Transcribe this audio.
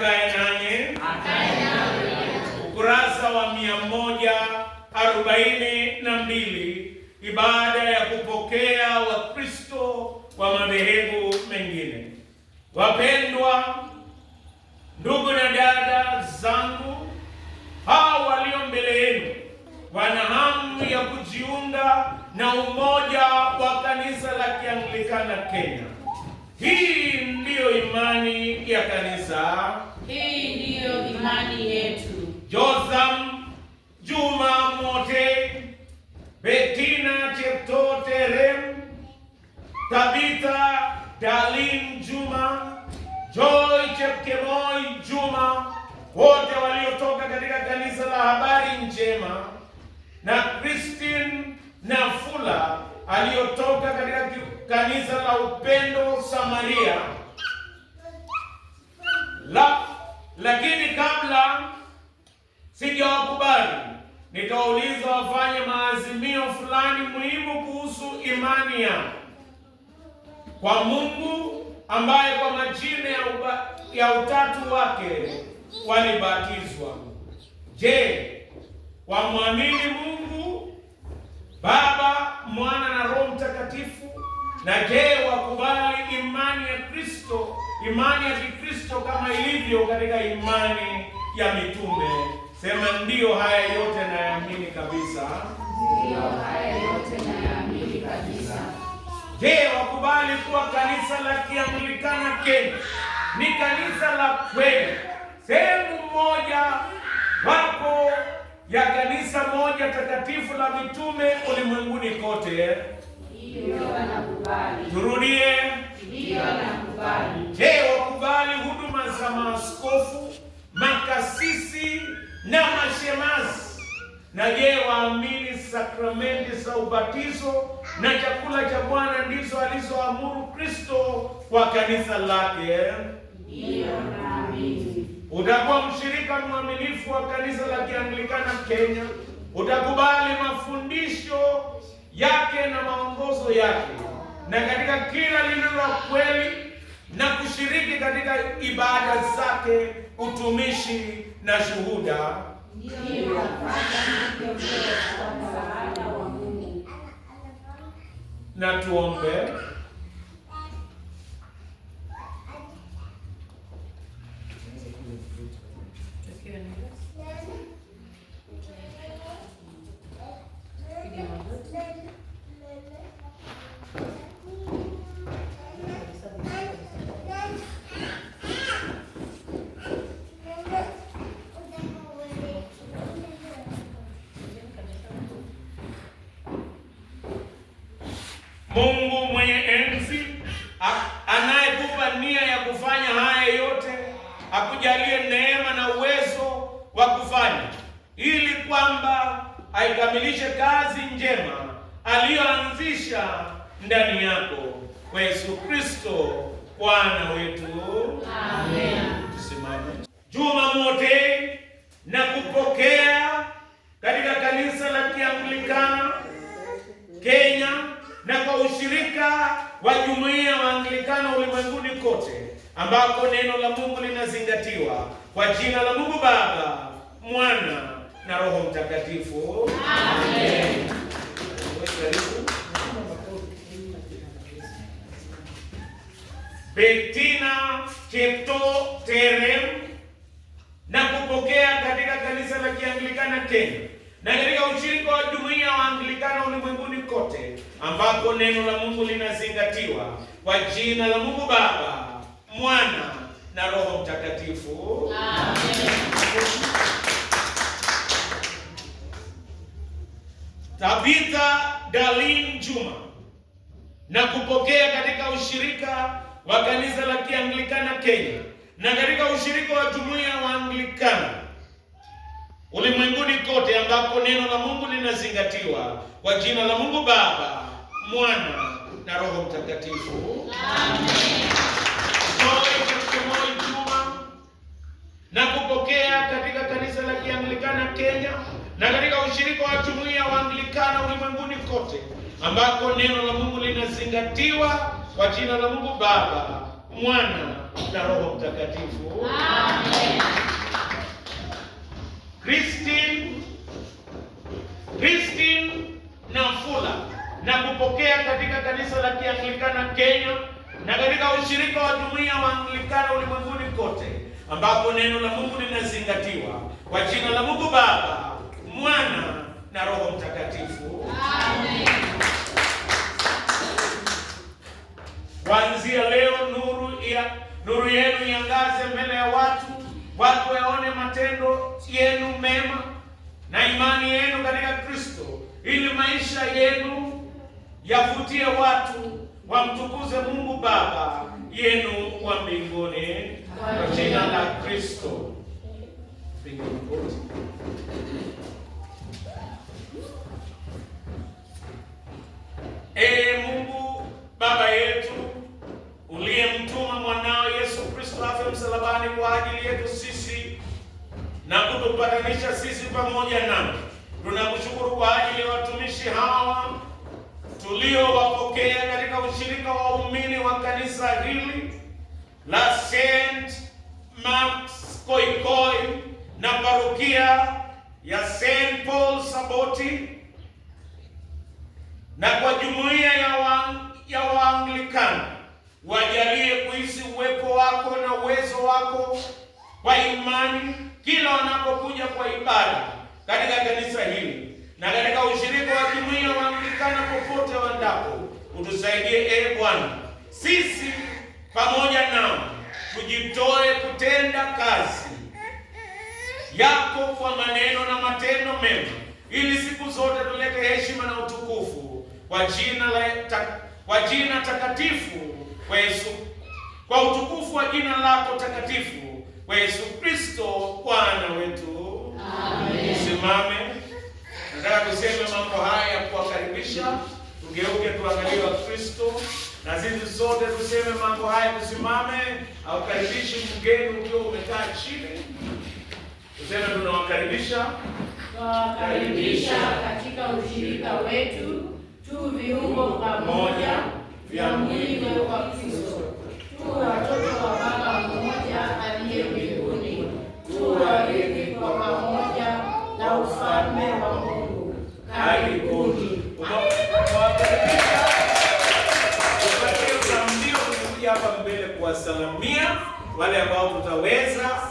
akae nanyi. Ukurasa wa mia moja arobaini na mbili ibada ya kupokea Wakristo wa madhehebu mengine. Wapendwa ndugu na dada zangu, hao walio mbele yenu wana hamu ya kujiunga na umoja wa kanisa la Kianglikana Kenya. Hii ndiyo imani ya kanisa. Hii ndiyo imani yetu. Jotham Juma Mote, betina Cheptote Rem, Tabitha Dalim Juma, Joy Chepkemoi Juma, wote waliotoka katika kanisa la Habari Njema na Christine Nafula aliyotoka katika kanisa la Upendo Samaria lakini kabla sijawakubali nitawauliza wafanye maazimio fulani muhimu kuhusu imani yao kwa Mungu ambaye kwa majina ya, ya utatu wake walibatizwa. Je, wamwamini Mungu Baba, Mwana na Roho Mtakatifu? Na je, wakubali imani Kristo, imani ya Kikristo kama ilivyo katika imani ya mitume. Sema ndiyo haya yote nayaamini kabisa. Ndiyo haya yote nayaamini kabisa. Je, wakubali kuwa kanisa la Kianglikana Kenya ni kanisa la kweli? Sehemu moja wapo ya kanisa moja takatifu la mitume ulimwenguni kote. Ndiyo, wanakubali. Turudie. shemasi na je, waamini sakramenti za ubatizo na chakula cha Bwana ndizo alizoamuru Kristo kwa kanisa lake? Utakuwa mshirika mwaminifu wa kanisa la Kianglikana Kenya. Utakubali mafundisho yake na maongozo yake, na katika kila lililo kweli, na kushiriki katika ibada zake, utumishi na shuhuda na tuombe. Mungu mwenye enzi anayekupa nia ya kufanya haya yote akujalie neema na uwezo wa kufanya, ili kwamba aikamilishe kazi njema aliyoanzisha ndani yako, kwa Yesu Kristo Bwana wetu Amen. Tusimame juma mote na kupokea katika kanisa la Kianglikana Kenya na kwa ushirika wa jumuiya Waanglikana ulimwenguni kote, ambako neno la Mungu linazingatiwa. Kwa jina la Mungu Baba, Mwana na Roho Mtakatifu, amen. Bettina Terem na kupokea katika kanisa la Kianglikana tena na katika ushirika wa jumuiya Waanglikana ulimwenguni ambako neno la Mungu linazingatiwa kwa jina la Mungu Baba, Mwana na Roho Mtakatifu. Amen. Tabitha Darlene Juma na kupokea katika ushirika wa kanisa la Kianglikana Kenya na katika ushirika wa jumuiya wa Anglikana ulimwenguni kote ambako neno la Mungu linazingatiwa. Kwa jina la Mungu Baba, Mwana na Roho Mtakatifu, na kupokea katika kanisa la Kianglikana Kenya na katika ushirika wa jumuiya wa Anglikana ulimwenguni kote ambako neno la Mungu linazingatiwa. Kwa jina la Mungu Baba, Mwana na Roho Mtakatifu, amen. Christine Christine Nafula na kupokea katika kanisa la Kianglikana Kenya na katika ushirika wa jumuiya wa Anglikana ulimwenguni kote, ambapo neno la Mungu linazingatiwa. Kwa jina la Mungu Baba, Mwana maisha yenu yavutie watu wamtukuze Mungu Baba yenu wa mbinguni kwa jina la Kristo. Ee Mungu Baba yetu uliyemtuma mwanao Yesu Kristo afe msalabani kwa ajili yetu sisi na kutupatanisha sisi pamoja nawe Tunakushukuru kwa ajili ya watumishi hawa tuliowapokea katika ushirika wa umini wa kanisa hili la St. Mark's Koikoi na parokia ya Saint Paul Saboti na kwa jumuiya ya wa, ya Waanglikana wajalie kuhisi uwepo wako na uwezo wako kwa imani kila wanapokuja kwa ibada popote wandapo, utusaidie ee Bwana, sisi pamoja nao tujitoe kutenda kazi yako kwa maneno na matendo mema, ili siku zote tulete heshima na utukufu kwa jina la kwa jina takatifu kwa Yesu, kwa utukufu wa jina lako takatifu kwa Yesu Kristo Bwana wetu. zetu zote tuseme mambo haya, tusimame. Haukaribishi mgeni ukiwa umekaa chini, tuseme tunawakaribisha, tunawakaribisha katika ushirika wetu, tu viungo pamoja vya mwili wa Kristo, tu watoto wa Baba mmoja aliye mbinguni, tu tutasalamia wale ambao tutaweza